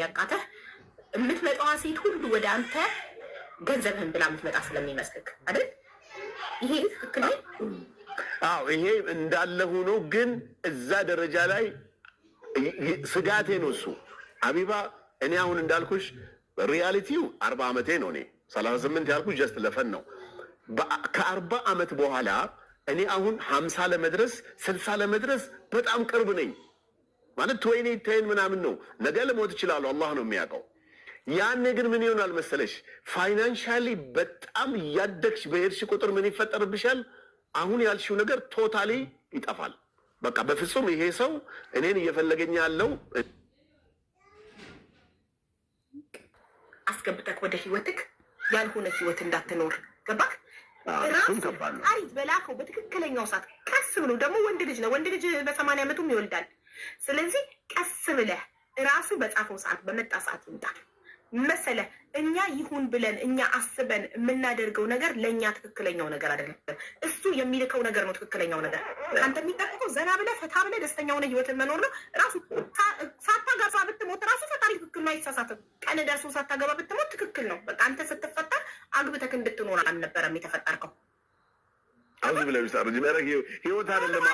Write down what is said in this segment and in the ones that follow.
ያቃተህ የምትመጣዋ ሴት ሁሉ ወደ አንተ ገንዘብህን ብላ የምትመጣ ስለሚመስልክ አይደል? ይሄ ትክክል ነው። አዎ ይሄ እንዳለ ሆኖ ግን እዛ ደረጃ ላይ ስጋቴ ነው እሱ። አቢባ እኔ አሁን እንዳልኩሽ ሪያሊቲው አርባ ዓመቴ ነው። እኔ ሰላሳ ስምንት ያልኩ ጀስት ለፈን ነው። ከአርባ ዓመት በኋላ እኔ አሁን ሀምሳ ለመድረስ ስልሳ ለመድረስ በጣም ቅርብ ነኝ። ማለት ወይኔ ይታይን ምናምን ነው። ነገ ልሞት እችላለሁ፣ አላህ ነው የሚያውቀው። ያኔ ግን ምን ይሆናል መሰለሽ፣ ፋይናንሻሊ በጣም እያደግሽ በሄድሽ ቁጥር ምን ይፈጠርብሻል? አሁን ያልሽው ነገር ቶታሊ ይጠፋል። በቃ በፍጹም ይሄ ሰው እኔን እየፈለገኝ ያለው አስገብተክ ወደ ህይወትክ ያልሆነ ህይወት እንዳትኖር ገባክ? ራሱ አሪፍ በላከው በትክክለኛው ሰዓት ቀስ ብሎ ደግሞ ወንድ ልጅ ነው። ወንድ ልጅ በሰማንያ ዓመቱም ይወልዳል። ስለዚህ ቀስ ብለህ እራሱ በጻፈው ሰዓት በመጣ ሰዓት ይምጣ መሰለ እኛ ይሁን ብለን እኛ አስበን የምናደርገው ነገር ለእኛ ትክክለኛው ነገር አይደለም። እሱ የሚልከው ነገር ነው ትክክለኛው ነገር። አንተ የሚጠቅቀው ዘና ብለህ ፈታ ብለህ ደስተኛ ሆነ ህይወትን መኖር ነው። ራሱ ሳታገባ ብትሞት ራሱ ፈጣሪ ትክክል ነው፣ አይሳሳትም። ቀን ደርሶ ሳታገባ ብትሞት ትክክል ነው። በቃ አንተ ስትፈጠር አግብተህ እንድትኖር አልነበረም የተፈጠርከው። አሁን ብለህ ሚስታ ህይወት አደለም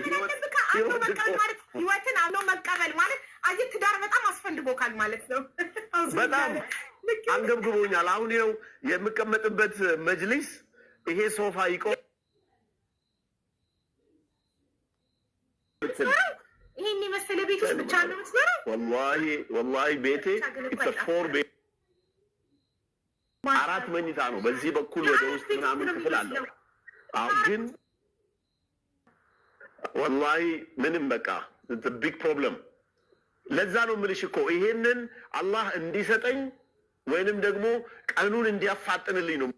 ህይወት አምኖ መቀበል ማለት ህይወትን አምኖ መቀበል ማለት አየህ፣ ትዳር በጣም አስፈንድቦካል ማለት ነው። በጣም አንገብግቦኛል። አሁን ይኸው የምቀመጥበት መጅሊስ ይሄ ሶፋ ይቆ ይሄን የመሰለ ቤት ውስጥ ብቻ ነው የምትኖረው። ወላሂ ወላሂ ቤቴ ፎር ቤት አራት መኝታ ነው። በዚህ በኩል ወደ ውስጥ ምናምን ክፍል አለው ግን ወላሂ ምንም በቃ ቢግ ፕሮብለም። ለዛ ነው የምልሽ እኮ ይሄንን አላህ እንዲሰጠኝ ወይንም ደግሞ ቀኑን እንዲያፋጥንልኝ ነው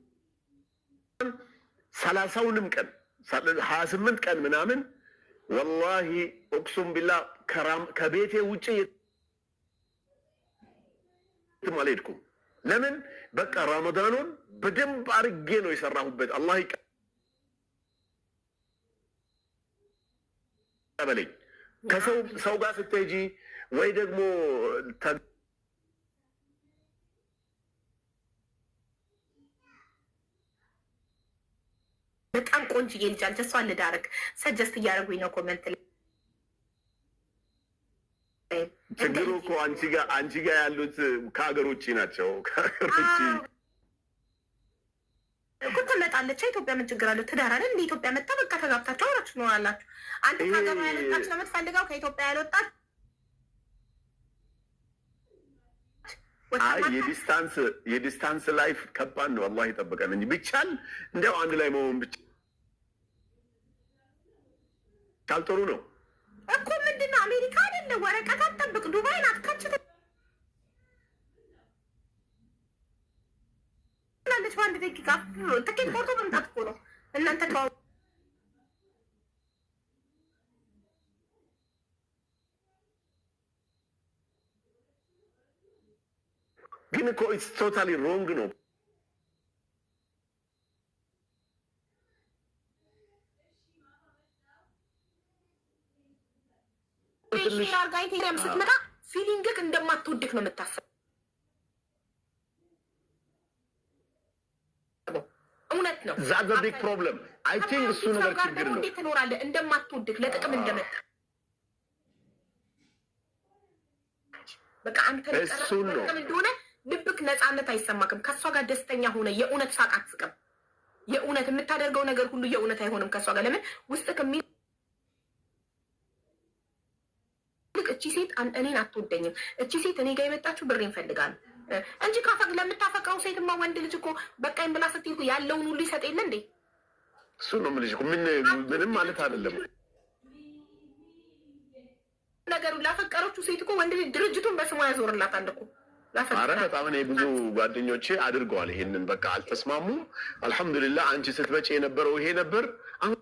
ሰላሳውንም ቀን ሀያ ስምንት ቀን ምናምን ወላሂ ኦክሱም ቢላ ከቤቴ ውጭ የትም አልሄድኩም። ለምን በቃ ረመዳኑን በደንብ አርጌ ነው የሰራሁበት አላህ በለኝ። ከሰው ሰው ጋር ስትሄጂ ወይ ደግሞ በጣም ቆንጆ ልጅ አለች። እሷ ልዳረግ ሰጀስት እያደረጉኝ ነው ኮመንት ላይ ችግሩ እኮ አንቺ ጋ አንቺ ጋ ያሉት ከሀገር ውጭ ናቸው። ከሀገር ውጭ ትመጣለች። ኢትዮጵያ ምን ችግር አለው? ትዳር አለ እንደ ኢትዮጵያ መጣ። በቃ ተጋብታችሁ አብራችሁ ትኖራላችሁ። አንድ ከሀገሯ ያልወጣች ነው የምትፈልገው፣ ከኢትዮጵያ ያልወጣች የዲስታንስ የዲስታንስ ላይፍ ከባድ ነው። አላህ ይጠብቀን እንጂ ብቻል እንዲያው አንድ ላይ መሆን ብቻ ካልጠሩ ነው እኮ ምንድን ነው አሜሪካ አይደለ ወረቀት አትጠብቅ ዱባይ ናት ከች ላለች በአንድ ደቂቃ ትኬት ቆርጦ መምጣት እኮ ነው እናንተ ግን እኮ ኢትስ ቶታሊ ሮንግ ነው። ፊሊንግክ እንደማትወድክ ነው እውነት ነው። ዛት ዘ ቢግ ፕሮብለም አይ ቲንክ እሱ ነገር ችግር ነው። እንዴት ትኖራለህ እንደማትወድህ ለጥቅም እንደመጣ በቃ አንተ ለጥቅም እንደሆነ ልብክ ነፃነት አይሰማክም። ከእሷ ጋር ደስተኛ ሆነ የእውነት ሳቅ አትስቅም። የእውነት የምታደርገው ነገር ሁሉ የእውነት አይሆንም ከእሷ ጋር ለምን ውስጥ የሚ እቺ ሴት እኔን አትወደኝም፣ እቺ ሴት እኔ ጋር የመጣችው ብሬ ፈልጋለሁ እንጂ ካፈቅ ለምታፈቅረው ሴትማ ወንድ ልጅ እኮ በቃኝ ብላ ያለውን ሁሉ ይሰጥ የለ እንዴ? እሱ ነው የምልሽ። ምንም ማለት አይደለም ነገሩ። ላፈቀረችው ሴት እኮ ወንድ ልጅ ድርጅቱን በስሟ ያዞርላታል እኮ። አረ በጣም እኔ ብዙ ጓደኞቼ አድርገዋል ይሄንን። በቃ አልተስማሙም። አልሐምዱሊላህ አንቺ ስትበጭ የነበረው ይሄ ነበር። አሁን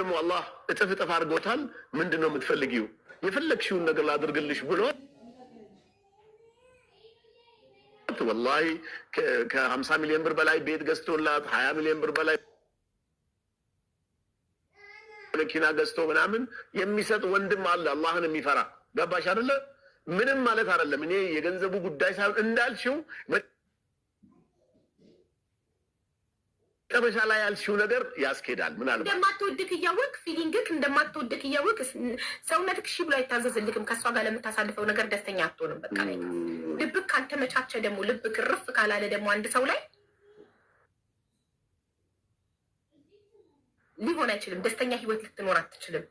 ደግሞ አላህ እጥፍ እጥፍ አድርጎታል። ምንድን ነው የምትፈልጊው? የፈለግሽውን ነገር ላድርግልሽ ብሎ አባት ወላሂ ከሀምሳ ሚሊዮን ብር በላይ ቤት ገዝቶላት ሀያ ሚሊዮን ብር በላይ መኪና ገዝቶ ምናምን የሚሰጥ ወንድም አለ አላህን የሚፈራ ገባሽ አደለ? ምንም ማለት አይደለም እኔ የገንዘቡ ጉዳይ ሳይሆን እንዳልሽው መጨረሻ ላይ ያልሽው ነገር ያስኬዳል። ምናልባት እንደማትወድክ እያወቅ ፊሊንግክ እንደማትወድክ እያወቅ ሰውነትክ ሺ ብሎ አይታዘዝልክም። ከእሷ ጋር ለምታሳልፈው ነገር ደስተኛ አትሆንም። በቃ ልብክ ካልተመቻቸ ደግሞ ልብክ ርፍ ካላለ ደግሞ አንድ ሰው ላይ ሊሆን አይችልም። ደስተኛ ህይወት ልትኖር አትችልም።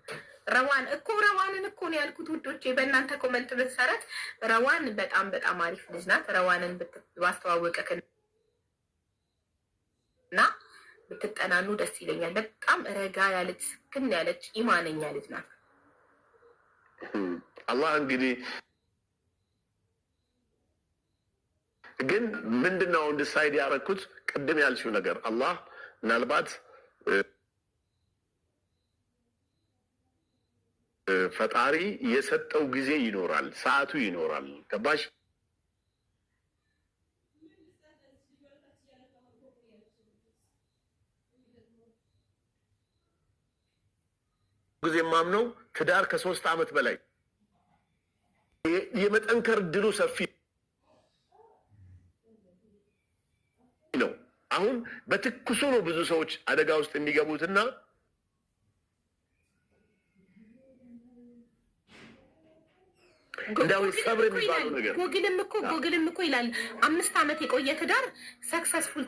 ረዋን እኮ ረዋንን እኮ ነው ያልኩት ውዶቼ፣ በእናንተ ኮመንት መሰረት ረዋን በጣም በጣም አሪፍ ልጅ ናት። ረዋንን እና ብትጠናኑ ደስ ይለኛል። በጣም ረጋ ያለች ስክን ያለች ኢማነኛ ልጅ ናት። አላህ እንግዲህ ግን ምንድን ነው እንድሳይድ ያደረግኩት ቅድም ያልሽው ነገር አላህ ምናልባት ፈጣሪ የሰጠው ጊዜ ይኖራል፣ ሰዓቱ ይኖራል። ገባሽ? ጊዜ የማምነው ትዳር ከሶስት ዓመት በላይ የመጠንከር ድሉ ሰፊ ነው። አሁን በትኩሱ ነው ብዙ ሰዎች አደጋ ውስጥ የሚገቡትና ጎግልም እኮ ጎግልም እኮ ይላል አምስት ዓመት የቆየ ትዳር ሰክሰስፉል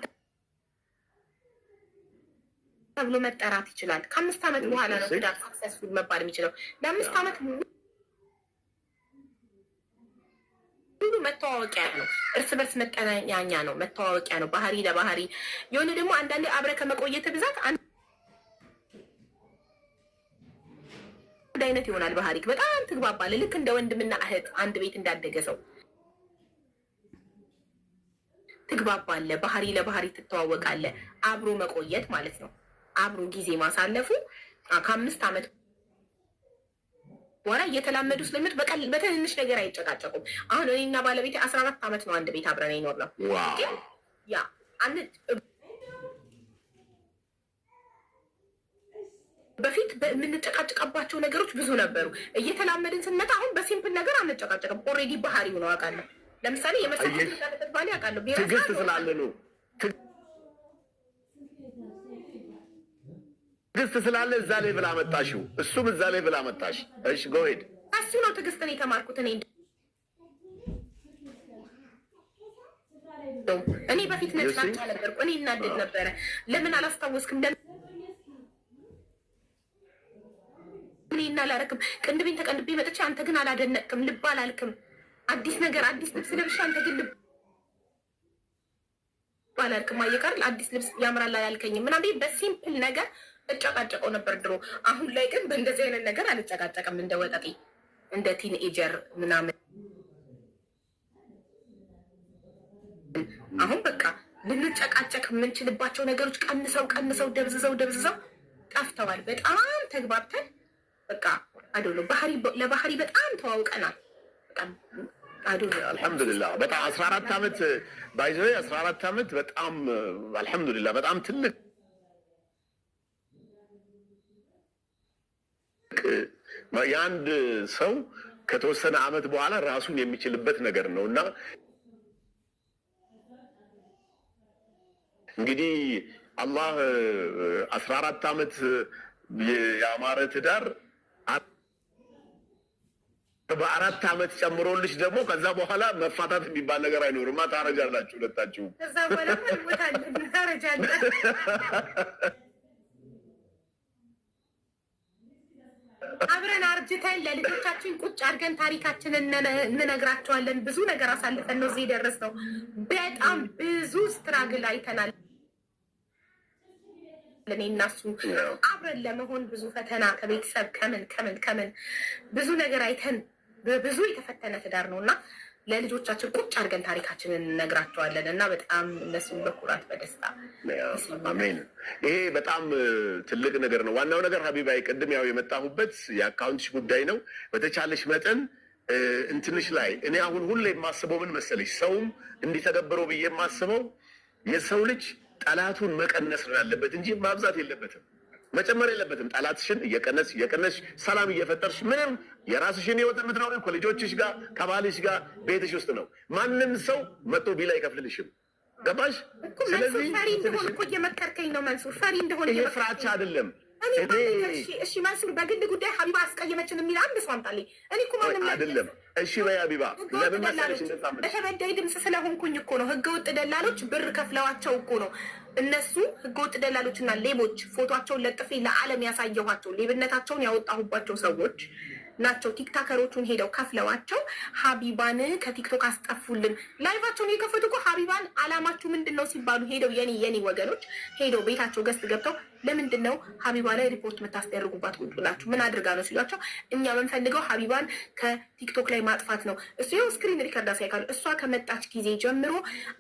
ተብሎ መጠራት ይችላል። ከአምስት ዓመት በኋላ ነው ትዳር ሳክሰስፉል መባል የሚችለው። ለአምስት ዓመት ሁሉ መተዋወቂያ ነው፣ እርስ በርስ መጠናኛ ነው፣ መተዋወቂያ ነው፣ ባህሪ ለባህሪ የሆነ ደግሞ አንዳንዴ አብረ ከመቆየት ብዛት አንድ አይነት ይሆናል ባህሪ በጣም ትግባባለ። ልክ እንደ ወንድምና እህት አንድ ቤት እንዳደገ ሰው ትግባባለ። ባህሪ ለባህሪ ትተዋወቃለ። አብሮ መቆየት ማለት ነው። አብሮ ጊዜ ማሳለፉ ከአምስት ዓመት በኋላ እየተላመዱ ስለሚሄድ በትንንሽ ነገር አይጨቃጨቁም። አሁን እኔና ባለቤቴ አስራ አራት ዓመት ነው አንድ ቤት አብረን ይኖር ነው ያ በፊት የምንጨቃጨቃባቸው ነገሮች ብዙ ነበሩ። እየተላመድን ስንመጣ አሁን በሲምፕል ነገር አንጨቃጨቅም። ኦልሬዲ ባህሪው ነው አውቃለሁ። ለምሳሌ የመሰለበት ባሌ አውቃለሁ ትግስት ስላለ ነው ትዕግስት ስላለ እዛ ላይ ብላ መጣሽው፣ እሱም እዛ ላይ ብላ መጣሽ። እሺ ጎሄድ እሱ ነው ትዕግስትን የተማርኩት እኔ እኔ በፊት ነጭናጫ ነበርኩ። እኔ እናድድ ነበረ። ለምን አላስታወስክም? ለምን ይህን አላረክም? ቅንድቤን ተቀንድቤ መጥቼ አንተ ግን አላደነቅም፣ ልብ አላልክም። አዲስ ነገር አዲስ ልብስ ለብሻ አንተ ግን ልብ አላልክም። አየህ አይደል አዲስ ልብስ ያምራል አላልከኝም ምናምን በሲምፕል ነገር እጨቃጨቀው ነበር ድሮ። አሁን ላይ ግን በእንደዚህ አይነት ነገር አልጨቃጨቅም። እንደ ወጠጤ እንደ ቲንኤጀር ምናምን አሁን በቃ ልንጨቃጨቅ የምንችልባቸው ነገሮች ቀንሰው ቀንሰው ደብዝዘው ደብዝዘው ጠፍተዋል። በጣም ተግባብተን በቃ አዶሎ ባህሪ ለባህሪ በጣም ተዋውቀናል። አልሐምዱሊላ በጣም አስራ አራት ዓመት ባይዘ አስራ አራት አመት በጣም አልሐምዱሊላ በጣም ትልቅ የአንድ ሰው ከተወሰነ ዓመት በኋላ ራሱን የሚችልበት ነገር ነው እና እንግዲህ አላህ አስራ አራት ዓመት የአማረ ትዳር በአራት ዓመት ጨምሮልሽ ደግሞ ከዛ በኋላ መፋታት የሚባል ነገር አይኖርማ። ታረጃላችሁ ሁለታችሁም። አብረን አርጅተን ለልጆቻችን ቁጭ አድርገን ታሪካችንን እንነግራቸዋለን። ብዙ ነገር አሳልፈን ነው እዚህ የደረስነው። በጣም ብዙ ስትራግል አይተናል። እኔ እና አብረን ለመሆን ብዙ ፈተና ከቤተሰብ ከምን ከምን ከምን ብዙ ነገር አይተን በብዙ የተፈተነ ትዳር ነው እና ለልጆቻችን ቁጭ አድርገን ታሪካችንን እነግራቸዋለን እና በጣም እነሱም በኩራት በደስታ አሜን። ይሄ በጣም ትልቅ ነገር ነው። ዋናው ነገር ሀቢባይ፣ ቅድም ያው የመጣሁበት የአካውንትሽ ጉዳይ ነው። በተቻለሽ መጠን እንትንሽ ላይ እኔ አሁን ሁሌ የማስበው ምን መሰለሽ፣ ሰውም እንዲተገብረው ብዬ የማስበው የሰው ልጅ ጠላቱን መቀነስ ነው ያለበት እንጂ ማብዛት የለበትም። መጨመር የለበትም። ጠላትሽን እየቀነስ እየቀነስሽ ሰላም እየፈጠርሽ ምንም የራስሽን ህይወት የምትኖሪው ከልጆችሽ ጋር ከባልሽ ጋር ቤትሽ ውስጥ ነው። ማንም ሰው መጥቶ ቢላ አይከፍልልሽም። ገባሽ? ስለዚህ ፈሪ እንደሆነ እየመከርከኝ ነው መንሱር። ፈሪ እንደሆነ ፍራቻ አይደለም። እሺ መንሱር፣ በግል ጉዳይ ሀቢባ አስቀየመችን የሚል አንድ ሰው አምጣልኝ። እኔ እኮ ማንም አይደለም። እሺ በይ ሀቢባ፣ ለምን መሰለሽ በተበዳይ ድምፅ ስለሆንኩኝ እኮ ነው። ህገወጥ ደላሎች ብር ከፍለዋቸው እኮ ነው እነሱ ህገወጥ ደላሎችና ሌቦች ፎቶቸውን ለጥፌ ለዓለም ያሳየኋቸው ሌብነታቸውን ያወጣሁባቸው ሰዎች ናቸው ቲክታከሮቹን ሄደው ከፍለዋቸው ሀቢባን ከቲክቶክ አስጠፉልን። ላይቫቸውን የከፈቱ እኮ ሀቢባን አላማችሁ ምንድን ነው ሲባሉ ሄደው የኔ የኔ ወገኖች ሄደው ቤታቸው ገስት ገብተው ለምንድን ነው ሀቢባ ላይ ሪፖርት የምታስደርጉባት? ቁጭ ብላችሁ ምን አድርጋ ነው ሲሏቸው እኛ የምንፈልገው ሀቢባን ከቲክቶክ ላይ ማጥፋት ነው። እሱ ይኸው ስክሪን ሪከርድ አሳይካሉ። እሷ ከመጣች ጊዜ ጀምሮ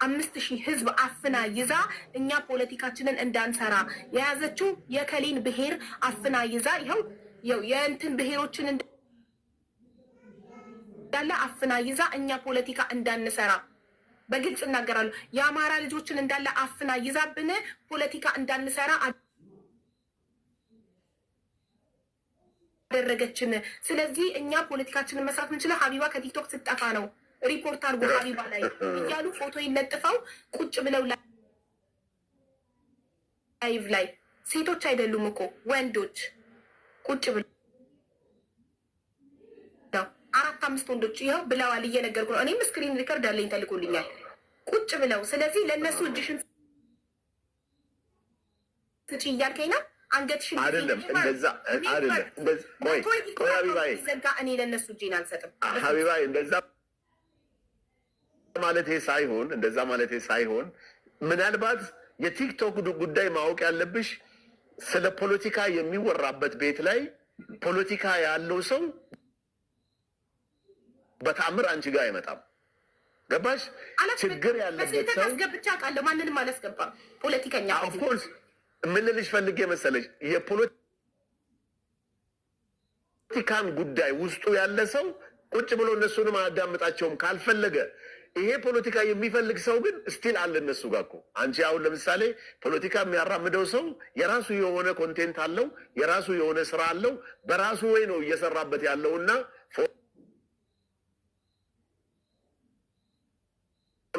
አምስት ሺህ ህዝብ አፍና ይዛ እኛ ፖለቲካችንን እንዳንሰራ የያዘችው የከሌን ብሄር አፍና ይዛ ይኸው የእንትን ብሄሮችን እንዳለ አፍና ይዛ እኛ ፖለቲካ እንዳንሰራ በግልጽ እናገራሉ። የአማራ ልጆችን እንዳለ አፍና ይዛብን ፖለቲካ እንዳንሰራ አደረገችን። ስለዚህ እኛ ፖለቲካችንን መስራት ምንችለው ሀቢባ ከቲክቶክ ስጠፋ ነው። ሪፖርት አድርጎ ሀቢባ ላይ እያሉ ፎቶ ይለጥፈው ቁጭ ብለው ላይቭ ላይ ሴቶች አይደሉም እኮ ወንዶች ቁጭ ብለው አምስት ወንዶች ይኸው ብለዋል፣ እየነገርኩ ነው። እኔም ስክሪን ሪከርድ አለኝ ተልኮልኛል፣ ቁጭ ብለው። ስለዚህ ለእነሱ እጅሽን ስጪ እያልከኝ ነው። አንገትሽን አይደለም እንደዛ ዘጋ። እኔ ለእነሱ እጄን አልሰጥም ሀቢባይ። እንደዛ ማለቴ ሳይሆን እንደዛ ማለቴ ሳይሆን ምናልባት የቲክቶክ ጉዳይ ማወቅ ያለብሽ ስለ ፖለቲካ የሚወራበት ቤት ላይ ፖለቲካ ያለው ሰው በተአምር አንቺ ጋር አይመጣም። ገባሽ? ችግር ያለበት ሰው አስገብቻ ቃለ ማንንም አላስገባም። ፖለቲከኛ ኦፍኮርስ የምልልሽ የፖለቲካን ጉዳይ ውስጡ ያለ ሰው ቁጭ ብሎ እነሱንም አያዳምጣቸውም ካልፈለገ ይሄ ፖለቲካ የሚፈልግ ሰው ግን ስቲል አለ እነሱ ጋር እኮ። አንቺ አሁን ለምሳሌ ፖለቲካ የሚያራምደው ሰው የራሱ የሆነ ኮንቴንት አለው፣ የራሱ የሆነ ስራ አለው፣ በራሱ ወይ ነው እየሰራበት ያለው እና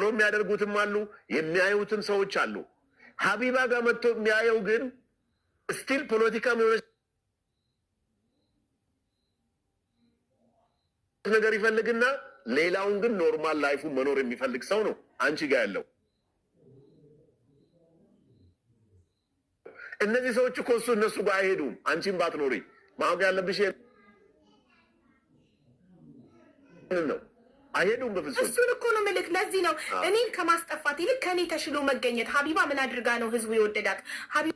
ሎ የሚያደርጉትም አሉ፣ የሚያዩትም ሰዎች አሉ። ሀቢባ ጋር መጥቶ የሚያየው ግን ስቲል ፖለቲካ የሆነች ነገር ይፈልግና ሌላውን ግን ኖርማል ላይፉ መኖር የሚፈልግ ሰው ነው አንቺ ጋር ያለው። እነዚህ ሰዎች እኮ እሱ እነሱ ጋር አይሄዱም። አንቺም ባትኖሪ ማወቅ ያለብሽ ነው አይሄዱም በፍጹም። እሱን እኮ ነው ምልክ። ለዚህ ነው እኔን ከማስጠፋት ይልቅ ከእኔ ተሽሎ መገኘት። ሀቢባ ምን አድርጋ ነው ህዝቡ የወደዳት? ሀቢባ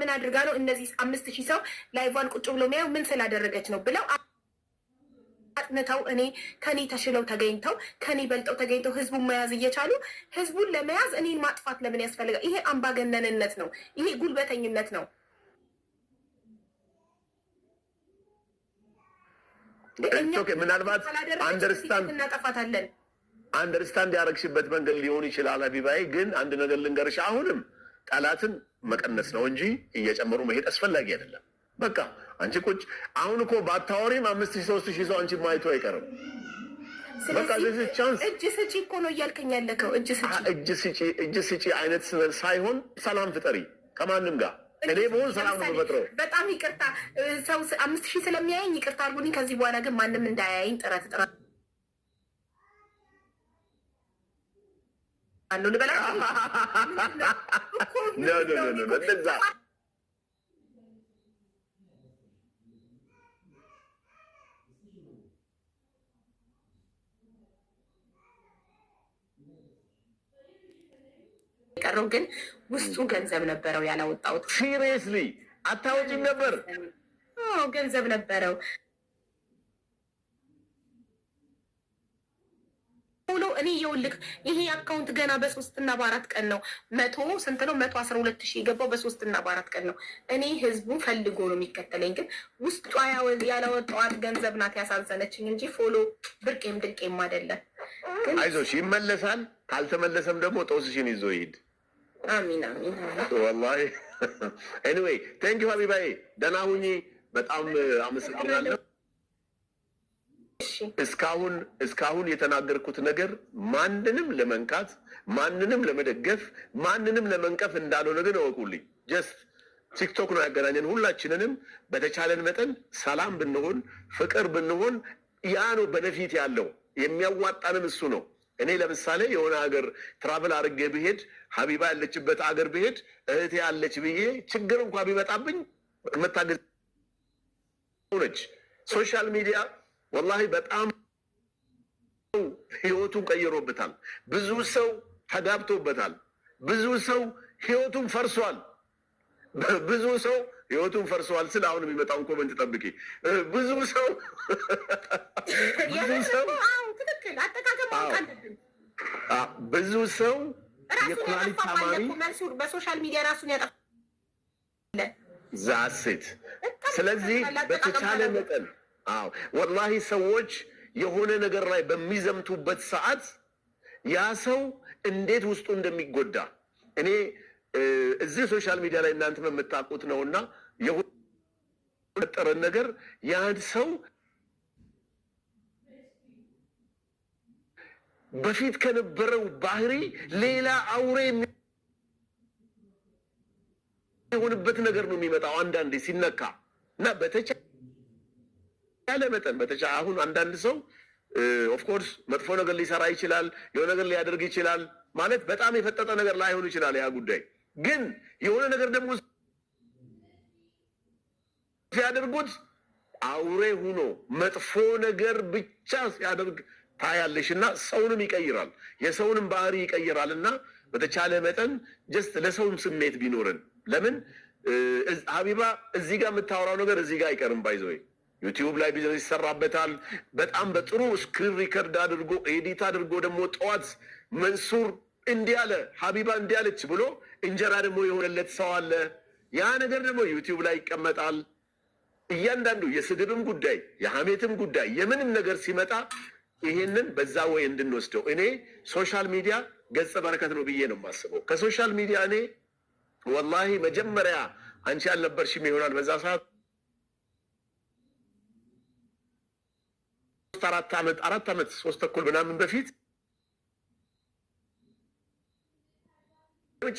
ምን አድርጋ ነው እነዚህ አምስት ሺህ ሰው ላይቫን ቁጭ ብሎ የሚያየው ምን ስላደረገች ነው ብለው አጥንተው እኔ ከኔ ተሽለው ተገኝተው ከኔ በልጠው ተገኝተው ህዝቡን መያዝ እየቻሉ ህዝቡን ለመያዝ እኔን ማጥፋት ለምን ያስፈልጋል? ይሄ አምባገነንነት ነው። ይሄ ጉልበተኝነት ነው። ምናልባት እናጠፋታለን አንደርስታንድ ያደረግሽበት መንገድ ሊሆን ይችላል። አቢባይ ግን አንድ ነገር ልንገርሽ፣ አሁንም ጠላትን መቀነስ ነው እንጂ እየጨመሩ መሄድ አስፈላጊ አይደለም። በቃ አንቺ ቁጭ አሁን እኮ በአታወሪም አምስት ሺህ ሶስት ሺህ ሰው አንቺ ማየቱ አይቀርም። በቃ ቻንስ እጅ ስጪ እኮ ነው እያልከኝ ያለከው እጅ ስጪ እጅ ስጪ አይነት ሳይሆን ሰላም ፍጠሪ ከማንም ጋር እኔ በሆን ሰላም ነው የምፈጥረው። በጣም ይቅርታ ሰው አምስት ሺህ ስለሚያየኝ ይቅርታ አድርጉልኝ። ከዚህ በኋላ ግን ማንም እንዳያየኝ ጥረት ጥረት አለው ልበላ የቀረው ግን ውስጡ ገንዘብ ነበረው ያላወጣሁት። ሲሪየስሊ አታወጪም ነበር? ገንዘብ ነበረው ብሎ እኔ የውልቅ ይሄ አካውንት ገና በሶስትና በአራት ቀን ነው መቶ ስንት ነው መቶ አስራ ሁለት ሺህ የገባው በሶስትና በአራት ቀን ነው። እኔ ህዝቡ ፈልጎ ነው የሚከተለኝ፣ ግን ውስጧ ያለወጣዋት ገንዘብ ናት ያሳዘነችኝ እንጂ ፎሎ ብርቄም ድርቄም አይደለም። አይዞሽ ይመለሳል። ካልተመለሰም ደግሞ ጦስሽን ይዞ ይሄድ። አሚን አሚን። ወላሂ ኤኒዌይ ቴንክ ዩ ሀቢባዬ፣ ደህና ሁኚ። በጣም አመሰግናለሁ። እስካሁን እስካሁን የተናገርኩት ነገር ማንንም ለመንካት ማንንም ለመደገፍ ማንንም ለመንቀፍ እንዳልሆነ ግን እወቁልኝ። ጀስት ቲክቶክ ነው ያገናኘን። ሁላችንንም በተቻለን መጠን ሰላም ብንሆን፣ ፍቅር ብንሆን ያ ነው በነፊት ያለው የሚያዋጣንም እሱ ነው። እኔ ለምሳሌ የሆነ ሀገር ትራቭል አድርጌ ብሄድ ሀቢባ ያለችበት ሀገር ብሄድ እህቴ ያለች ብዬ ችግር እንኳ ቢመጣብኝ የምታገዝ ነች። ሶሻል ሚዲያ ወላሂ በጣም ህይወቱን ቀይሮበታል። ብዙ ሰው ተጋብቶበታል። ብዙ ሰው ህይወቱን ፈርሷል። ብዙ ሰው ህይወቱን ፈርሰዋል ስለ አሁን የሚመጣውን ኮመንት ጠብቂ። ብዙ ሰው ብዙ ሰው አጠቃቀም ማወቅ አለብን። ብዙ ሰው የኩላሊት መንሱር በሶሻል ሚዲያ ራሱን ያጠፋ ዛሴት። ስለዚህ በተቻለ መጠን አዎ፣ ወላሂ ሰዎች የሆነ ነገር ላይ በሚዘምቱበት ሰዓት ያ ሰው እንዴት ውስጡ እንደሚጎዳ እኔ እዚህ ሶሻል ሚዲያ ላይ እናንተ የምታውቁት ነውና የፈጠረን ነገር ያን ሰው በፊት ከነበረው ባህሪ ሌላ አውሬ የሆንበት ነገር ነው የሚመጣው አንዳንዴ ሲነካ እና በተቻለ መጠን በተቻ አሁን አንዳንድ ሰው ኦፍኮርስ መጥፎ ነገር ሊሰራ ይችላል፣ የሆነ ነገር ሊያደርግ ይችላል። ማለት በጣም የፈጠጠ ነገር ላይሆን ይችላል ያ ጉዳይ ግን የሆነ ነገር ደግሞ ሲያደርጉት አውሬ ሁኖ መጥፎ ነገር ብቻ ሲያደርግ ታያለሽ እና ሰውንም ይቀይራል፣ የሰውንም ባህሪ ይቀይራል። እና በተቻለ መጠን ጀስት ለሰውም ስሜት ቢኖረን ለምን ሀቢባ እዚህ ጋር የምታወራው ነገር እዚህ ጋር አይቀርም። ባይዘ ዩቲዩብ ላይ ቢዝነስ ይሰራበታል። በጣም በጥሩ ስክሪን ሪከርድ አድርጎ ኤዲት አድርጎ ደግሞ ጠዋት መንሱር እንዲህ አለ ሀቢባ እንዲህ አለች ብሎ እንጀራ ደግሞ የሆነለት ሰው አለ። ያ ነገር ደግሞ ዩቲዩብ ላይ ይቀመጣል። እያንዳንዱ የስድብም ጉዳይ የሀሜትም ጉዳይ የምንም ነገር ሲመጣ ይህንን በዛ ወይ እንድንወስደው እኔ ሶሻል ሚዲያ ገጸ በረከት ነው ብዬ ነው የማስበው። ከሶሻል ሚዲያ እኔ ወላሂ መጀመሪያ አንቺ አልነበርሽም ይሆናል በዛ ሰዓት አራት ዓመት አራት ዓመት ሶስት ተኩል ምናምን በፊት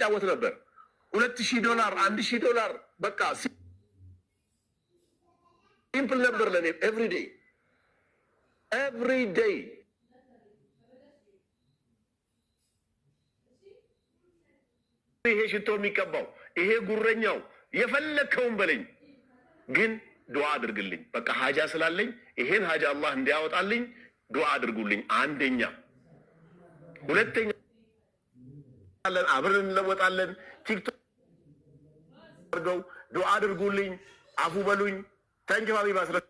ጫወት ነበር። ሁለት ሺህ ዶላር አንድ ሺህ ዶላር በቃ ሲምፕል ነበር ለእኔ ኤቭሪ ኤቭሪ day. ይሄ ሽቶ የሚቀባው ይሄ ጉረኛው የፈለግከውን በለኝ፣ ግን ዱዓ አድርግልኝ። በቃ ሀጃ ስላለኝ ይሄን ሀጃ አላህ እንዲያወጣልኝ ዱዓ አድርጉልኝ። አንደኛ ሁለተኛ አለን አብረን እንለወጣለን። ቲክቶክ አድርገው ዱዓ አድርጉልኝ፣ አፉ በሉኝ። ተንጅባቢ ማስረ